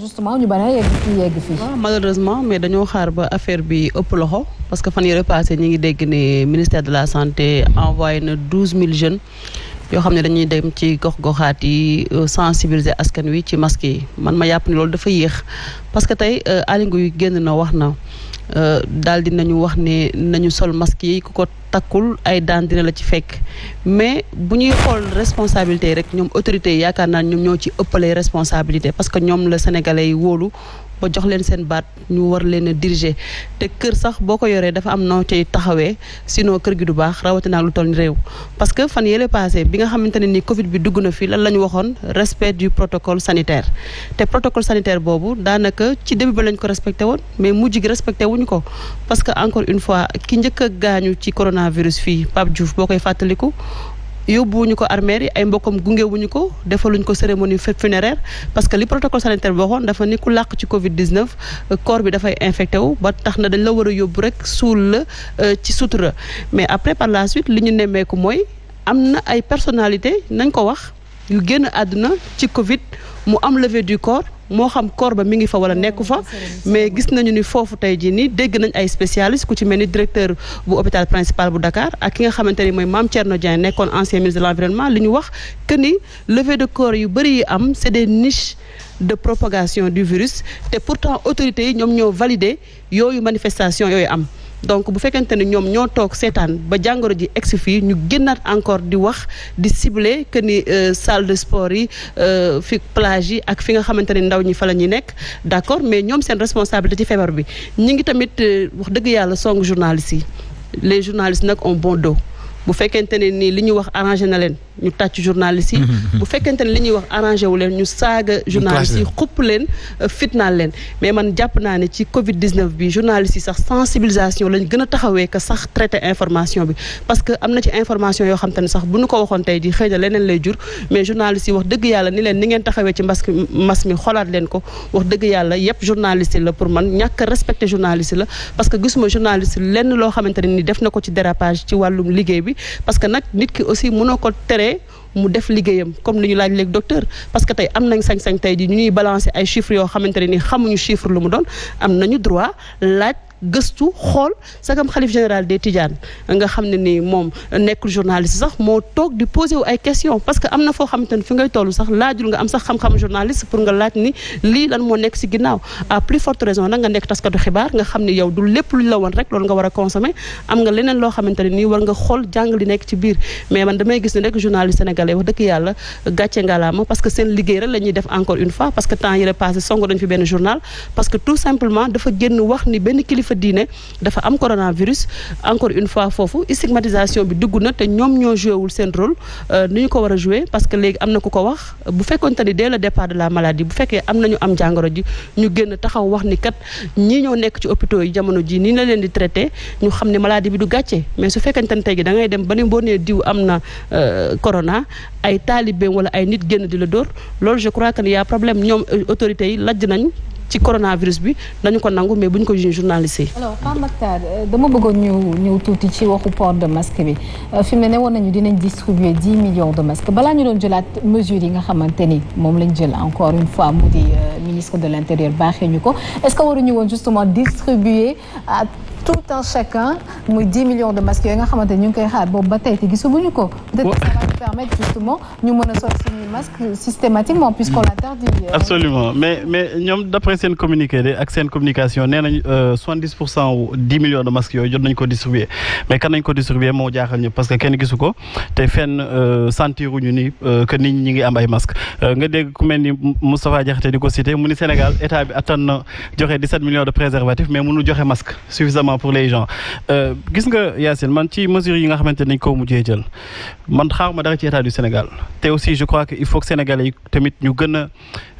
justement ñu bañ a malheureusement mais dañoo xaar ba affaire bi ëpp loxo parce que fan yore passé ñu ngi dégg ne ministère de la santé envoyé na douze mille jeunes. yoo xam ne dañuy dem ci gox-goxaat yi euh, sensibiliser askan wi ci masque yi man ma yàpp ni loolu dafa yéex parce que tey euh, Aly yu génn na wax na euh, daal di nañu wax ne nañu sol masque yi ku ko takkul ay daan dina la ci fekk mais bu ñuy xool responsabilité yi rek ñoom autorités yi yaakaar naa ñoom ñoo ci ëppale responsabilité parce que ñoom la sénégalais yi wóolu ba jox leen seen baat ñu war leen a diriger te kër sax boo ko yoree dafa am noo cay taxawee sinon kër gi du baax rawatinaa lu toll réew. parce que fan yële passé bi nga xamante ne ni Covid bi dugg na fii lan la ñu waxoon respect du protocole sanitaire te protocole sanitaire boobu daanaka ci début ba lañ ko respecté woon mais mujj gi respecté wuñ ko parce que encore une fois ki njëkk a gaañu ci coronavirus fii Pape Diouf boo koy fàttaliku. yóbbu yóbbuwuñu ko armère yi ay mbokkam gungewuñu ko defaluñ ko cérémonie funéraire parce que li protocole sanitaire bi waxoon dafa ni ku làq ci Covid 19 euh, corps bi dafay infecté wu ba tax na dañ la war a yóbbu rek suul la euh, ci sutura mais après par la suite li ñu nemmeeku mooy am na ay personnalité nañ ko wax yu génn àdduna ci Covid mu am levée du corps. moo xam corps ba mi ngi fa wala nekku fa mais gis nañu ni foofu tey jii nii dégg nañ ay spécialiste ku ci mel ni directeur bu hôpital principal bu Dakar ak ki nga xamante ni mooy Mame Thierno Dieng nekkoon ancien ministre de l'environnement li ñu wax que ni levée de corps yu bëri yi am c'est des niche de propagation du virus te pourtant autorités yi ñoom ñoo validé yooyu manifestation yooyu am donc bu fekkente ni ñoom ñoo toog seetaan ba jàngoro ji egsi fii ñu génnaat encore di wax di cibler que ni euh, salle de sport yi euh, fi plage yi ak fi nga xamante ni ndaw ñi fa la ñuy nekk d'accord mais ñoom seen responsabilité ci feebar bi ñi ngi tamit euh, wax dëgg yàlla song journalistes yi les journalistes nag on bon dos bu fekkente ne nii li ñuy wax arrangé na leen ñu tàcc journaliste yi bu fekkente ne li ñuy wax arrangé wu leen ñu saaga journaliste yi xupp leen euh, fitnaal leen mais man jàpp naa ne ci covid 19 bi journaliste yi sax sensibilisation lañ gën a taxawee que sax traité information bi parce que am na ci information yoo xam te ne sax bu ñu ko waxoon tey ji xëy na leneen lay jur mais journaliste yi wax dëgg yàlla ni leen ni ngeen taxawee ci mbas mas mi xolaat leen ko wax dëgg yàlla yëpp journaliste la pour man ñàkk respecté journaliste la parce que gisuma journaliste lenn loo xamante ne ni def na ko ci dérapage ci wàllum bi parce que nag nit ki aussi mënoo ko teree mu def liggéeyam comme li ñu laaj léegi docteur parce que tey am nañ sañ-sañ tey ñu ñuy balancer ay chiffres yoo xamante ne ni xamuñu chiffre lu mu doon am nañu droit laaj. gëstu xool sagam xalif général des Tidiane nga xam ne ni moom nekkul journaliste sax moo toog di posé ay question parce que am na foo xamante ne fi ngay toll sax laajul nga am sax xam-xam journaliste pour nga laaj ni lii lan moo nekk si ginnaaw à plus forte raison nag nga nekk taskatu xibaar nga xam ne yow du lépp lu la woon rek loolu nga war a am nga leneen loo xamante ne nii war nga xool jàng li nekk ci biir mais man damay gis ne rek journal kilifa diine dafa am coronavirus encore une fois foofu stigmatisation bi dugg na te ñoom ñoo joué wul seen rôle euh, ni ñu ko war a joué parce que léegi am na ku ko wax bu fekkonte ni dès le départ de la maladie bu fekkee am nañu am jàngoro ji ñu génn taxaw wax ni kat ñi ñoo nekk ci hôpitaux yi jamono ji nii la leen di traité ñu xam ne maladie bi du gàccee mais su fekkente ne tey gi dangay dem ba ni boo nee diw am na euh, corona ay taalibeem wala ay nit génn di la dóor loolu je crois que y problème ñoom euh, autorités yi lajj nañ ci coronavirus bi dañu ko nangu mais bu buñ ko jugé journaliste yi. alors Pape euh, dama bëggoon ñu ñëw tuuti ci waxu port de masque bi euh, fi mu ne woon nañu dinañ distribuer dix millions de masques balaa ñu doon jëlaat mesures yi nga xamante ni moom lañu jël encore une fois mu di euh, ministre de l' intérieur baaxee ñu ko est ce que waruñu woon justement distribuer tout un chacun muy 10 de masques yooyu nga xamante ñu ngi koy xaar boobu ba tey te gisaguñu ko. peut-être que ça va nous ñu mën a sol suñuy masques systématiquement puisqu'on l'interdit. Mm. Euh, absolument mais mais ñoom d'après seen communiqué de ak seen communication nee nañ 70 euh, pour cent wu 10 millions de masques yooyu jot nañ ko distribuer mais kan nañ ko distribuer moo jaaxal ñu parce que kenn gisu ko te fenn euh, sentiruñu ni que ni ñi ngi am ay masques nga dégg ku mel ni Moustapha Diakhaté di ko cité mu ni Sénégal état bi attan na joxe 17 millions de préservatifs mais mënu joxe masque simplement pour les gens euh, gis nga Yacine man ci mesures yi nga xamante nañ koo mujjee jël man xaaw ma dara ci état du Sénégal te aussi je crois que il faut que Sénégalais yi tamit ñu gën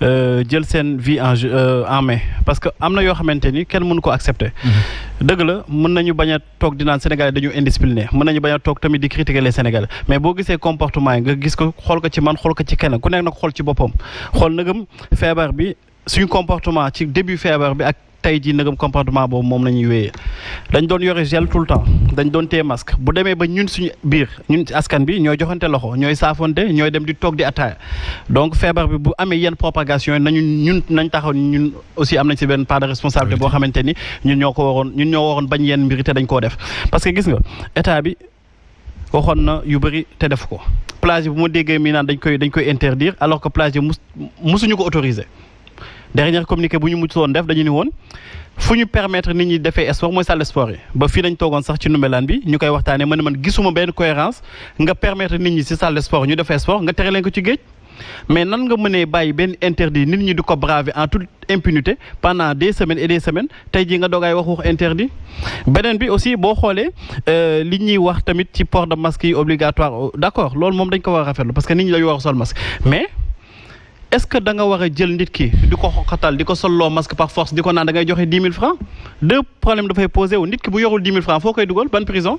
euh, jël seen vie en euh, en parce que am na yoo xamante ni kenn mënu ko mm-hmm. dëgg la mën nañu bañ a toog di naan Sénégalais dañu indiscipliné mën nañu bañ toog tamit di critiquer les Sénégalais mais boo gisee comportement yi nga gis ko xool ko ci man xool ko ci kenn ku nekk na ko xool ci boppam xool nagam feebar bi suñu comportement ci début feebar tey jii nagam comportement boobu moom la ñuy wéyee dañ doon yore gel tout le temps dañ doon téye masque bu demee ba ñun suñu biir ñun askan bi ñooy joxante loxo ñooy saafonte ñooy dem di toog di attaaya donc feebar bi bu amee yenn propagation nañu ñun nañ taxaw ñun aussi am nañ si benn part de responsabilité boo xamante ni ñun ñoo ko waroon ñun ñoo waroon bañ yenn mbir te dañ ko def parce que gis nga état bi waxoon na yu bëri te def ko plage yi bu ma déggee mi naan dañ koy dañ koy interdire alors que plage yi mus musuñu ko autoriser dernier communiqué bu ñu mujj woon def dañu ni woon fu ñu permettre nit ñi defee sport mooy salle sport yi ba fii dañ toogoon sax ci numbelaan bi ñu koy waxtaanee man man gisuma benn cohérence nga permettre nit ñi si salle sport ñu defee sport nga tere leen ci géej mais nan nga mënee bàyyi benn interdit nit ñi du ko braver en toute impunité pendant des semaines et des semaines tey jii nga doogaay wax wax interdit beneen bi aussi boo xoolee euh, li ñuy wax tamit ci port de masque yi obligatoire d'accord loolu moom dañ ko war est-ce que da nga war a jël nit ki di ko xoqatal di ko solloo masque par force di ko naan da ngay joxe dix mille francs deux problèmes dafay posé wu nit ki bu yorul dix mille francs foo koy dugal ban prison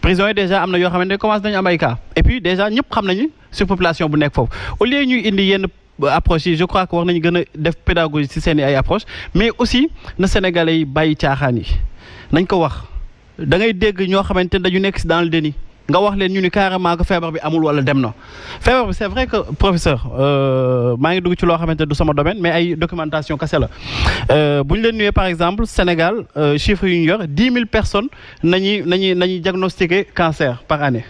prison yi déjà am na yoo xamante ne commencé nañu am ay cas et puis déjà ñëpp xam nañu surpopulation bu nekk foofu au ñuy indi yenn euh, approche yi je crois que war nañu gën a def pédagogie ci seen i ay approche mais aussi na sénégalais yi bàyyi caaxaan nañ ko wax da ngay dégg ñoo xamante ne dañu nekk dans le nga wax leen ñu ni carrément que feebar bi amul wala dem na feebar bi c'est vrai que professeur euh, maa ngi dugg ci loo xamante du sama domaine mais ay documentation kese la euh, bu ñu leen nuyee par exemple Sénégal euh, chiffres yu ñu yor dix mille personnes nañuy nañuy nañuy diagnostiqué cancer par année.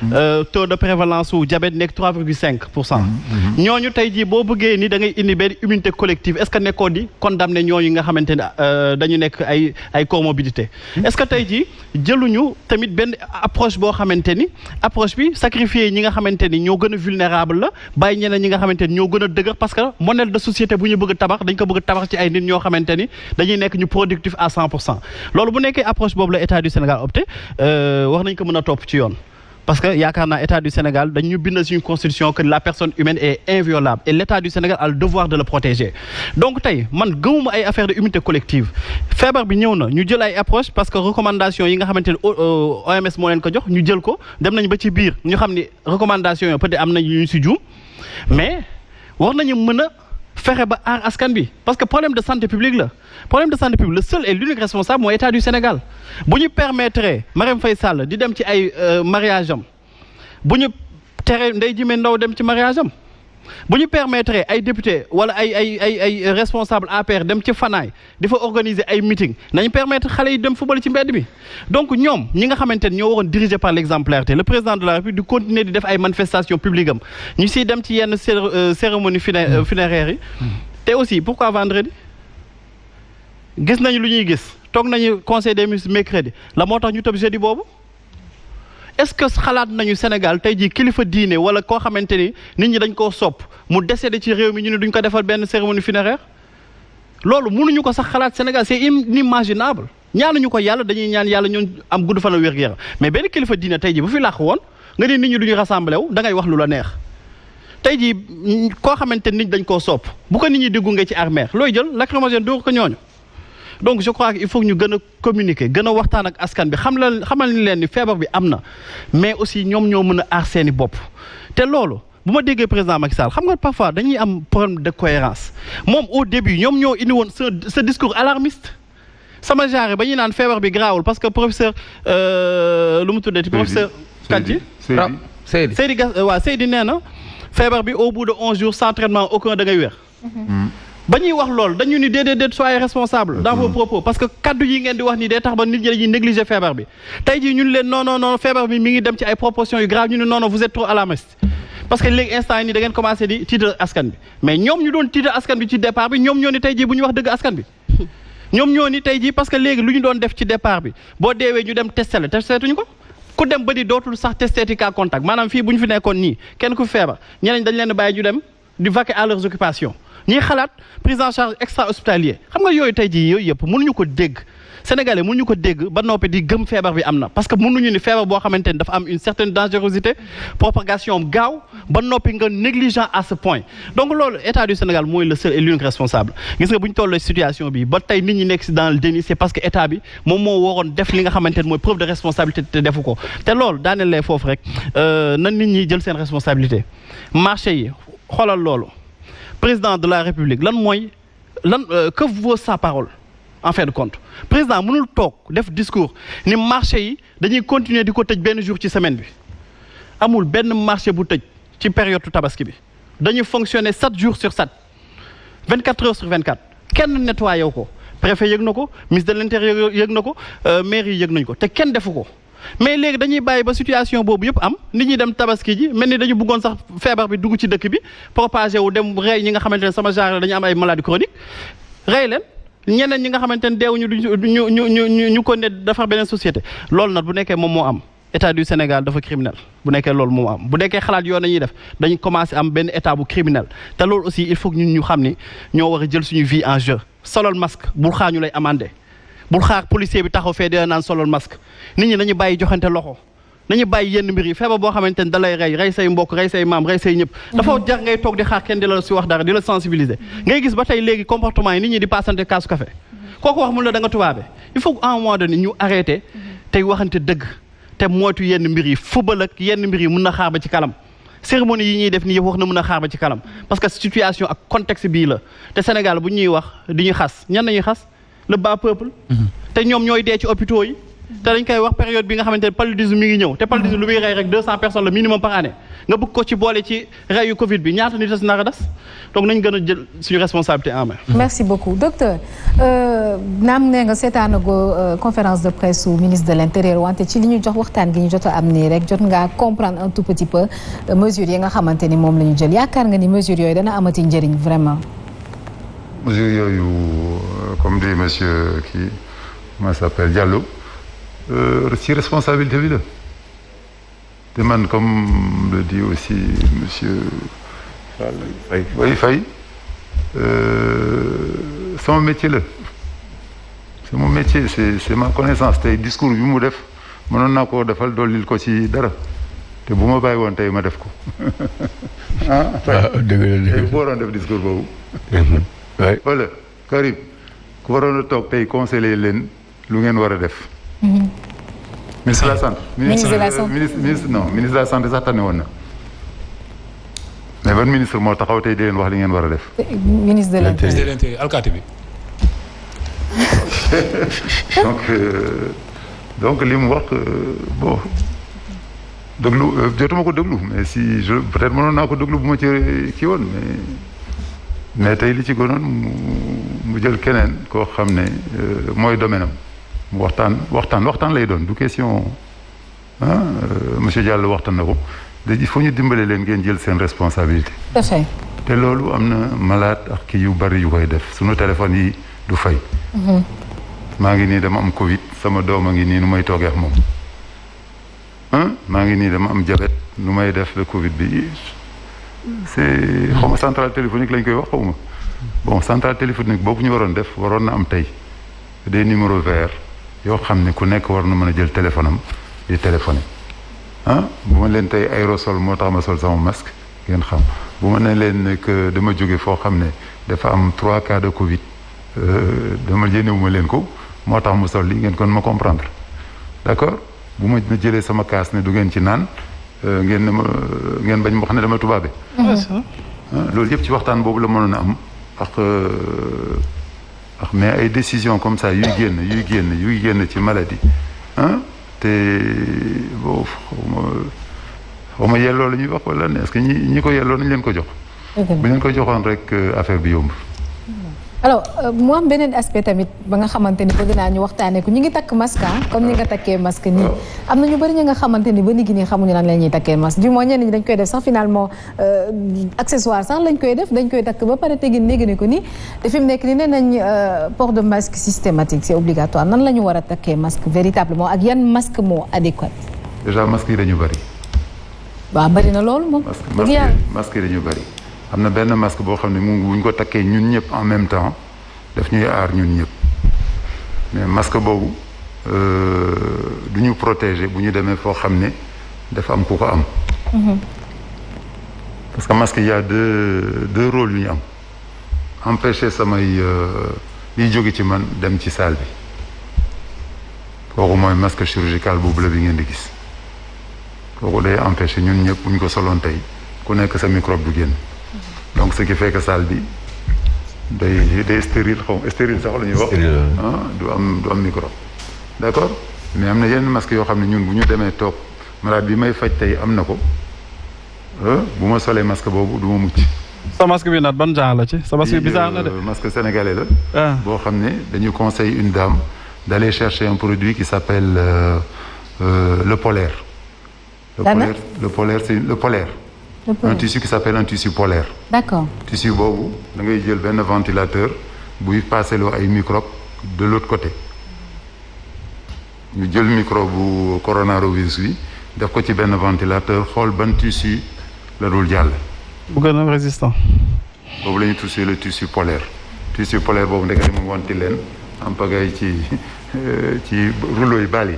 Mmh. taux de prévalence su diabète nekk trois virgule cinq pour cent. Mmh, mmh. ñooñu tey jii boo bëggee ni da ngay indi benn immunité collective est-ce que nekkoon di condamné ñooñu nga xamante ne dañu nekk ay ay comorbidité est-ce que tey jii tamit benn approche boo xamante xamante ni approche bi sacrifier ñi nga xamante ni ñoo gën a vulnérable la bàyyi ñeneen ñi nga xamante ni ñoo gën a dëgër parce que modèle de société bu ñu bëgg tabax dañ ko bëgg tabax ci ay nit ñoo xamante ni dañuy nekk ñu productif à cent pour cent loolu bu nekkee approche boobu la état du Sénégal opté euh, wax nañ ko mën a topp ci yoon parce que yaakaar naa état du Sénégal dañu bind suñu constitution que la personne humaine est inviolable et l' du Sénégal a devoir de le protéger donc tey man gëmuma ay affaire de immunité collective feebar bi ñëw na ñu jël ay approche parce que recommandation yi nga xamante ne OMS euh, moo leen jox ñu jël ko dem nañ ba ci biir ñu xam ni recommandation yi peut-être am na ñu si juum mais war nañu mën a fexe ba aar askan bi parce que problème de santé publique la problème de santé publique le seul et l'unique responsable mooy état du Sénégal bu ñu permettre Marème Faye Sall di dem ci ay euh, mariage am bu ñu tere nday Jimé Ndaw dem ci mariage am bu ñu permettre ay député wala ay ay ay ay responsable APR dem ci fanaay di fa organiser ay meeting nañu permettre xale yi dem football ci mbedd mi donc ñoom ñi nga xamante ne ñoo waroon diriger par l'exemplarité le président de la République di continuer di def ay manifestations publiques am ñu siy dem ci yenn euh, cérémonie euh, funéraire yi hmm. te aussi pourquoi vendredi gis nañu lu ñuy gis toog nañu conseil des ministres mercredi la moo tax ñu tëb jeudi boobu est-ce que xalaat nañu Sénégal tey jii kilifa diine wala koo xamante ni nit ñi dañ koo sopp mu décédé ci réew mi ñu ne duñ ko defal benn cérémonie funéraire loolu mënuñu ko sax xalaat Sénégal c'est inimaginable ñu ko yàlla dañuy ñaan yàlla ñoon am gudd fan la wér yaram mais benn kilifa diine tey ji bu fi làq woon nga ne nit ñi duñu rassemblé wu da ngay wax lu la neex tey jii koo xamante nit dañ koo sopp bu ko nit ñi di gunge ci armée looy jël lacrymogène ko ñooñu donc je crois que il faut ñu gën communiqué communiquer gën a waxtaan ak askan bi xam la xamal ni leen ni feebar bi am na mais aussi ñoom ñoo mën a aar seeni bopp te loolu bu ma déggee président Macky Sall xam nga parfois dañuy am problème de cohérence moom au début ñoom ñoo indi woon ce discours alarmiste sama genre ba ñu naan feebar bi garaawul parce que professeur euh, lu mu tuddee ci professeur Kandji ah, Seydi Seydi euh, Seydi nee na feebar bi au bout de onze jours sans traitement aucun da ngay wér mm. ba ñuy wax loolu dañu ni déedéet déet soyez responsable dans vos propos parce que kaddu yi ngeen di wax nii day tax ba nit ñi dañuy négliger feebar bi tey jii ñun leen non non feebar bi mi ngi dem ci ay proportions yu grave ñu ne non non vous êtes trop alarmiste parce que léegi instant yi nii da ngeen commencé di tiital askan bi mais ñoom ñu doon tiital askan bi ci départ bi ñoom ñoo ni tey jii bu ñu wax dëgg askan bi ñoom ñoo ni tey jii parce que léegi lu ñu doon def ci départ bi boo deewee ñu dem testé la testétuñu ko ku dem ba di dootul sax fii bu ñu fi nekkoon nii kenn ku feebar ñeneen dañ leen bàyyi ñu dem di vaquer à leurs occupations ñuy xalaat prise en charge extra hospitalier xam nga yooyu tey jii yooyu yëpp mënuñu ko dégg sénégalais ñu ko dégg ba noppi di gëm feebar bi am na parce que mënuñu ni feebar boo xamante ni dafa am une certaine dangerosité propagation gaaw ba noppi nga négligent à ce point donc loolu état du Sénégal mooy le seul et responsable gis nga bu ñu tollee situation bi ba tey nit ñi nekk si dans le déni c'est parce que état bi moom moo waroon def li nga xamante ni mooy de responsabilité ko te loolu daaneel lay foofu rek euh, na nit ñi jël seen responsabilité marché yi xoolal loolu président de la république lan mooy lan euh, que vaut sa parole en fin de compte président mënul toog def discours ni marché yi dañuy continuer di ko tëj benn jour ci semaine bi amul benn marché bu tëj ci période tabaski bi dañuy fonctionner sept jours sur sept vingt quatre heures sur vingt quatre kenn nettoyé ko préfet yëg na ko ministre de l'intérieur yëg na ko euh, mairie yëg nañ ko te kenn defu ko mais léegi dañuy bàyyi ba situation boobu yëpp am nit ñi dem tabaski ji mel ni dañu bëggoon sax feebar bi dugg ci dëkk bi propagé wu dem rey ñi nga xamante ne sama genre dañu am ay maladie chronique rey leen ñeneen ñi nga xamante ne deewuñu duñu ñu ñu ñu ñu ko ne defar beneen société lool nag bu nekkee moom moo am état du Sénégal dafa criminel bu nekkee loolu moom am bu nekkee xalaat yoon nañuy def dañ commencé am benn état bu criminel te loolu aussi il faut que ñun ñu xam ni ñoo war a jël suñu vie en jeu solol masque bu xaañu lay amandé bu xaar policier bi taxaw fee dina naan solol masque nit ñi nañu bàyyi joxante loxo nañu bàyyi yenn mbir yi feebar boo xamante ni da lay rey rey say mbokk rey say maam rey say ñëpp mm-hmm. dafa jar ngay toog di xaar kenn di la si wax dara di la sensibiliser mm-hmm. ngay gis ba tey léegi comportement yi nit di passante kaasu café mm-hmm. kooku wax mun la da nga tubaabe il faut que à un dëgg te moytu yenn mbir yi fubal ak yenn mbir yi mun na xaar ba ci kanam cérémonie yi ñuy def nii yëpp wax na mun a xaar ba ci kanam parce que situation ak contexte bii la te Sénégal bu ñuy wax di ñu xas ñan nañuy xas le bas peuple. Mhm. te ñoom ñooy dee ci hôpitaux yi. te dañ koy wax période bi nga xamante ne paludisme mi ngi ñëw te paludisme lu muy rey rek deux cent personnes le minimum par année ci boole ci bi ñaata nit a si nar a des donc gën a jël suñu responsabilité mhm. merci beaucoup docteur euh, naam nee nga seetaanagoo euh, conférence de presse su ministre de wante ci li ñu jox waxtaan gi ñu jot am nii rek jot ngaa comprendre un tout petit peu euh, mesures yi nga xamante ni moom la ñu jël yaakaar nga ni mesures yooyu dana amati njëriñ vraiment. mesures yooyu euh, comme dit monsieur kii comment s'appelle Diallo ci euh, responsabilité bi la te man comme le dit aussi monsieur Faye oui Faye euh, sama métier la c'est mon métier c'est c'est ma connaissance tey discours bi mu def mënoon na koo defal dollil ko ci dara te bu ma bàyyi woon tey ma def ko ah, ah. dëgg la dëgg la tey doon def oui wala Karim ku waroon a toog tey conseiller leen lu ngeen war a def. Mhm. ministre de la santé ministre de la euh, santé ministre non ministre de woon na. mais ban ministre moo taxaw tey di leen wax li ngeen war a def. ministre de l' intérieur ministre alkaati bi. donc euh, donc li mu wax euh, bon déglu jotuma ko déglu mais si je peut-être mënoon naa ko déglu bu ma ci kii woon mais tey li ci gënoon mu jël keneen koo xam ne euh, mooy domaine am waxtaan waxtaan waxtaan lay doon du question ah monsieur Diallo waxtaan na ko il faut ñu dimbale leen ngeen jël seen responsabilité. te loolu am na malade ak kii yu bari yu koy def sunu téléphone yi du fay. Mm-hmm. maa ngi nii dama am Covid sama doom a ngi nii nu may toogee ak moom ah maa ngi nii dama am jabet nu may def le Covid bi. c'est xaw ma centrale téléphonique lañ koy wax xaw ma bon centrale téléphonique boobu ñu waroon def waroon na am tey des numéros verts yoo xam ne ku nekk war na mën a jël téléphonam di téléphone ah bu ma leen tey aérosol moo tax ma sol sama masque ngeen xam bu ma ne leen que dama jóge foo xam ne dafa am trois cas de Covid euh, dama yéenewu ma leen ko moo tax ma sol lii ngeen kon ma comprendre d'accord bu ma jëlee sama kaas ne du ngeen ci naan. Euh, ngeen ne ma euh, ngeen bañ ma wax ne dama tubaabe. Ah, ah, loolu yëpp ci waxtaan boobu la mënoon a am ak euh, ak ah, mais ay décision comme ça yuy génn yuy génn yuy génn ci maladie te boo xaw ma yelloo la ñuy wax wala ne est-ce que ñi ñi ko yelloo nañ leen ko jox. bu leen ko joxoon rek affaire bi yomb. alors euh, mu am beneen aspect tamit ba nga xamante ni bëgg naa ñu waxtaanee ko ñu ngi takk masque ah, comme ni nga takkee masque nii. am na ñu bëri ñi nga xamante ni ba nit ñi xamuñu lan la ñuy takkee masque du moins ñenn euh, lañ koy def dañ koy takk ba pare tegin néegi ne ko nii te fi mu nekk ni nee nañ euh, port de masque systématique c'est obligatoire nan la ñu war a takkee masque véritablement ak yan masque moo adéquat. déjà masque yi dañu bëri. waaw bëri na loolu moom. masque yi dañu bëri. am na benn masque boo xam ne mu bu ñu ko takkee ñun ñëpp en même temps daf ñuy aar ñun ñëpp mais masque boobu euh, du ñu protéger bu ñu demee foo xam ne dafa am ku ko am. Mm-hmm. parce que masque y a deux deux rôles yu ñu am empêcher samay euh, liy jóge ci man dem ci salle bi kooku mooy masque chirurgical bu bleu bi ngeen di gis kooku day empêcher ñun ñëpp bu ko soloon tey ku nekk sa microbe du génn. donc ce qui fait que bi day day stérile xaw stérile sax la ñuy wax. Ah, du am du am micro. d' accord mais am na yenn masque yoo xam ne ñun bu ñu demee toog malade bi may faj tey am na ko ah, bu ma solee masque boobu du ma mucc. sa masque bi nag ban genre la ci sa masque bi bizarre na de. Euh, masque sénégalais la. Ah. boo xam ne dañuy conseil une dame d' aller chercher un produit qui s' euh, euh, le polaire. le polaire le polaire le polaire. un tissu qui s'appelle un tissu polaire. d'accord tissu boobu da ngay jël benn ventilateur buy paaseloo ay microbe de l'autre côté ñu jël microbe bu coronavirus bi def ko ci benn ventilateur xool ban tissu la dul jàll. bu gën a résistant. boobu la ñuy tuddee le tissu polaire tissu polaire boobu ndekete mu wanti leen en pagaille ci ci rouleau yi bal yi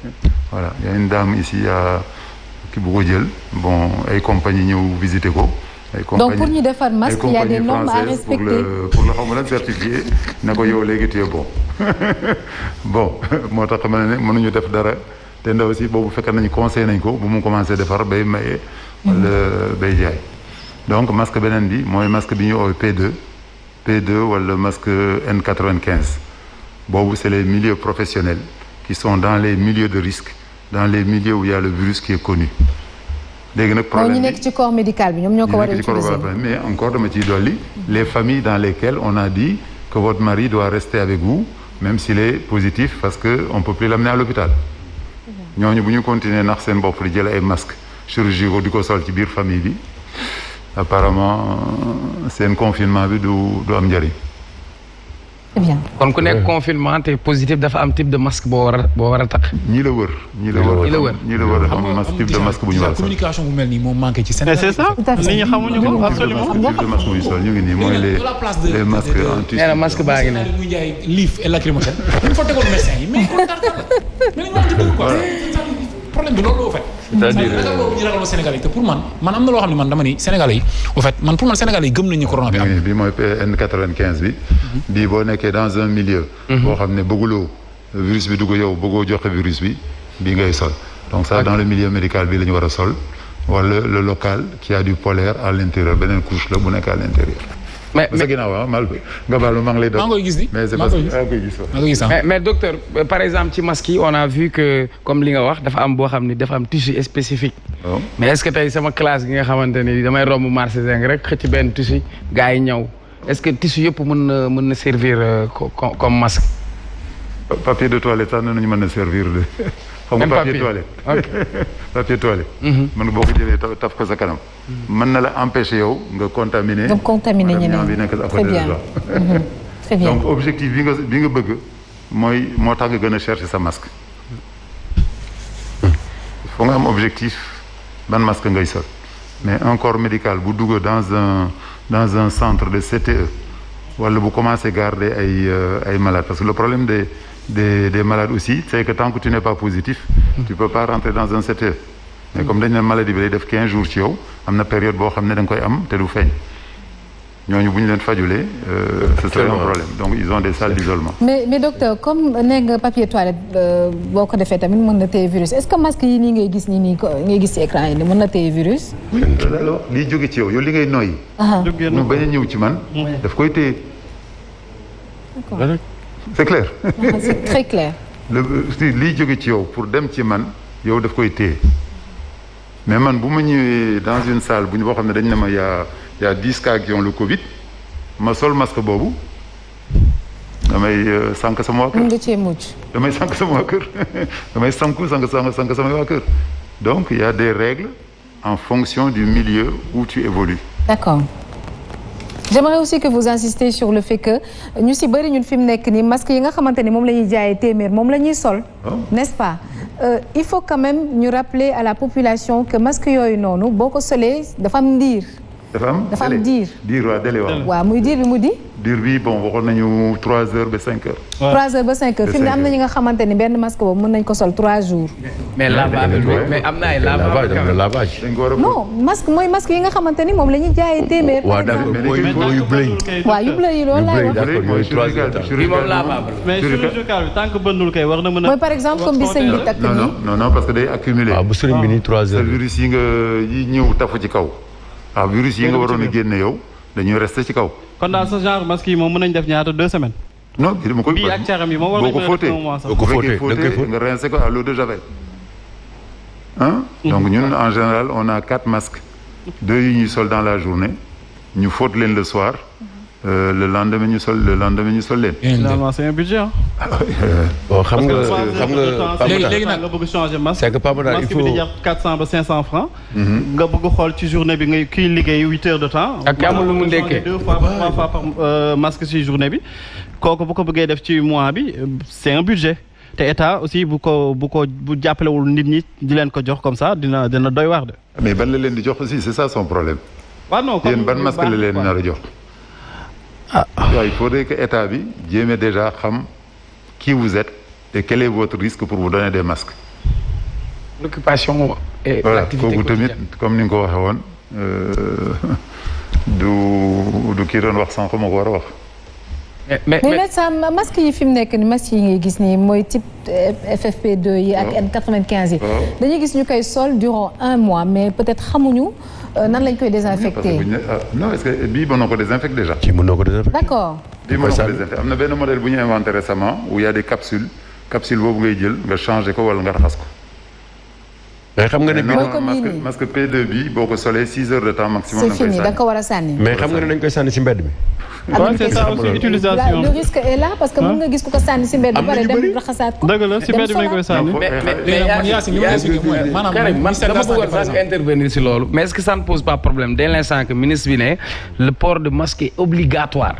voilà y a ki bu ko jël bon ay compagnie ñëw visiter ko. ay compagnie donc pour ñu defar masque il pour pour le xaw certifié ne ko yow léegi te bon bon moo tax ma ne ne mënuñu def dara te ndaw si boobu fekk nañu conseil nañ ko bu mu commencé defar bay maye. wala bay jaay. donc masque beneen bi mooy masque bi ñu oowee p d P2 wala masque N95 boobu c'est les milieux professionnels qui sont dans les milieux de risque. dans les milieux où il y a le virus qui est connu. léegi nag problème bi ñu nekk ci corps médical bi ñoom ñoo ko war a utiliser mais encore dama ciy dolli. les familles dans lesquelles on a dit que votre mari doit rester avec vous même s'il est positif parce que on peut plus l'amener à l'hôpital ñooñu bu ñu continuer ndax seen bopp di jël ay masques chirurgicaux di ko sol ci biir famille bi apparemment seen confinement bi du du am njëriñ. bien kon ku nekk confinement te positif dafa am type de masque boo war a boo war a tax. ñii la wër ñii la wër ñii la wër ñii la wër dafa am type de masque bu ñu war a communication bu mel nii moom manqué ci Sénégal. c'est ça nit ñi xamuñu ko absolument. type de masque bu ñu sol ñu ngi nii mooy les les masques en tissu. nee na masque baa ngi ne. liif et lacrymogène. il faut tegoon médecin yi mais. problème bi loolu la au c'est-à-dire loolu ñu ragaloo Sénégal yi te pour man man am na loo xam ne man dama ni Sénégal yi au fait man pour man Sénégal yi gëm nañu corona bi am. bii mooy N95 bi. Mhm. bii boo nekkee dans un milieu. Mhm. boo xam ne bëgguloo virus bi dugg yow bëggoo joxe virus bi bii ngay sol. donc ça dans le milieu médical bi la ñu war a sol wala le local qui a du polaire à l'intérieur beneen couche la bu nekk à l'intérieur mais mais sa ginnaaw ah nga baal ma maa ngi lay doon. maa ngi koy gis ni mais koy gis ah, ah. mais mais docteur euh, par exemple ci masque yi on a vu que comme li nga wax dafa am boo xam ni dafa am tissu spécifique. Oh. mais est ce que tey sama classe gi nga xamante ni damay romb marché zeng rek xëcc benn tissu gars yi ñëw est ce que tissu yëpp mën na mën na servir euh, comme masque. papier de toilette sax ah, ñu mën a servir de. xam nga papier toilette papier toilette mën mhm. nga boo ko jëlee taf ko sa kanam mhm. mën na la empêcher yow nga contaminer donc contaminer bi nekk à côté très bien mhm. objectif bi nga bi nga bëgg mooy moo tax nga gën a chercher sa masque foo nga am objectif ban masque ngay sol mais un corps médical bu dugg dans un dans un centre de CTE wala bu commencé garder ay euh, ay malades parce que le problème de de des malades aussi c'est que tant tu n'es pas positif tu peux pas rentrer dans un secteur mais comme dañ ne maladie bi lay def 15 jours ci yow am na période boo xam ne da nga koy am te du feeñ ñooñu bu ñu leen fajulee euh, ce serait un problème donc ils ont des salles d'isolement mais mais docteur comme nee nga euh, ko defee ce que masque yi nii ngay gis nii nii ngay gis ci écran yi nii na téye virus liy jóge ci yow yow li ngay noyyi ñu bañ a ñëw ci man daf koy téye c'est clair. c'est jóge ci yow pour dem ci man yow daf koy téye mais man bu ma ñëwee dans une salle bu ñu boo xam ne dañ ne ma yaa yaa dix cas qui ont Covid ma sol masque boobu damay euh, sànq sama waa damay sànq sama waa kër damay sànku sànq sànq sànq sama waa kër donc il des règles en fonction du milieu où tu évolues. j'aimerais aussi que vous insistiez sur le fait que ñu si bëri ñun fi mu nekk nii masque yi nga xamante ni moom la ñuy jaayee téeméer moom la ñuy sol oh. n'est-ce pas euh, il faut quand même ñu rappeler à la population que masque yooyu noonu boo ko solee dafa am ndiir dafa am dafa am diir diir waaw délai waaw. muy diir bi mu di. diir bi bon waxoon nañu trois heures ba cinq heures. trois ba cinq heures fi am na ñi nga xamante ni benn masque boobu mën nañ ko sol trois jours. mais lavage mais am na ay lavage non masque mooy masque yi nga xamante ni moom la ñuy jaayee téeméer. waaw d'accord yu bleu yu loolu laay wax. mooy trois heures temps bi moom bi tant que kay war na mën a. par exemple comme bi sëñ bi takk nii. non non parce que day accumuler. waaw ah, bu sëriñ bi nii trois heures. Ah, yi nga yi ñëw ah virus yi nga waroon a génne yow dañuy resté ci kaw. kon daal sa genre masque yi moom mën nañ def ñaata deux semaines. non bi dama koy bii ak ko fóotee boo ko fóotee nga rincé ko à l'eau de javel. Mhm. donc ñun en général on a quatre masques. deux yi ñuy sol dans la journée ñu fóot leen le soir. Euh, le lendemain ñu sol le lendemain ñu sol leen. finalement c'est un budget ah. bon xam nga xam nga. bëgg changer masque. c'est que Pape Matar il faut masque bi ba cinq cent francs. Mhm. nga bëgg xool ci journée bi ngay kiy liggéey huit heures de temps. ak amul lu mu ndekkee deux fois trois fois euh, bi. kooku bu ko bëggee def ci mois bi c'est un budget. te état aussi bu ko bu ko bu jàppalewul nit ñi di leen ko jox comme ça dina dina doy waar de. mais ban la leen di jox aussi c'est ça son problème. waaw non yéen ban masque la leen nar a jox. ah waaw il faudrait que état bi jéeme déjà xam qui vous êtes et quel est votre risque pour vous donner des masques. l'occupation et kooku tamit comme ni nga ko waxee woon euh, du du kii doon wax sànq ma ko war a wax. Eh, mais mais mais masque yi fi mu nekk ni masque yi ngay gis nii mooy type eh, FFP2 yi. ak ah. yi. Ah. dañuy gis ñu koy sol durant un mois mais peut-être xamuñu euh, nan lañ koy désinfecté. Ah, non est-ce que bii mën na ko désinfecté déjà. d'accord. bii ko désinfecté am na benn modèle bu ñu inventé récemment où il y a des capsules capsule boobu ngay jël changé ko wala nga raxas ko. mais xam nga ne bii masque masque P2 bi boo ko solee 6 heures de temps maximum. da nga koy sànni c'est fini da a sànni. mais xam nga ne dañ koy sànni ah, si mbedd mi. am c'est sànni si mbedd. am na ñu bëri raxasaat mbedd mi mais mais man dama bëggoon sax loolu. mais est-ce que ça ne pose pas problème dès l'instant que ministre bi ne le port de masque est obligatoire.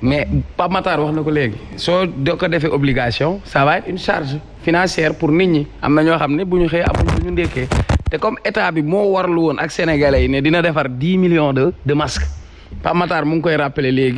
mais Pape Matar wax na ko léegi soo doo ko defee obligation saa va une charge financière pour nit ñi am na ñoo xam ne bu ñu xëyee amuñ bu ñu ndékkee te comme état bi moo warlu woon ak sénégalais yi ne dina defar dix millions de de masques Pape Matar mu ngi koy rappeler léegi.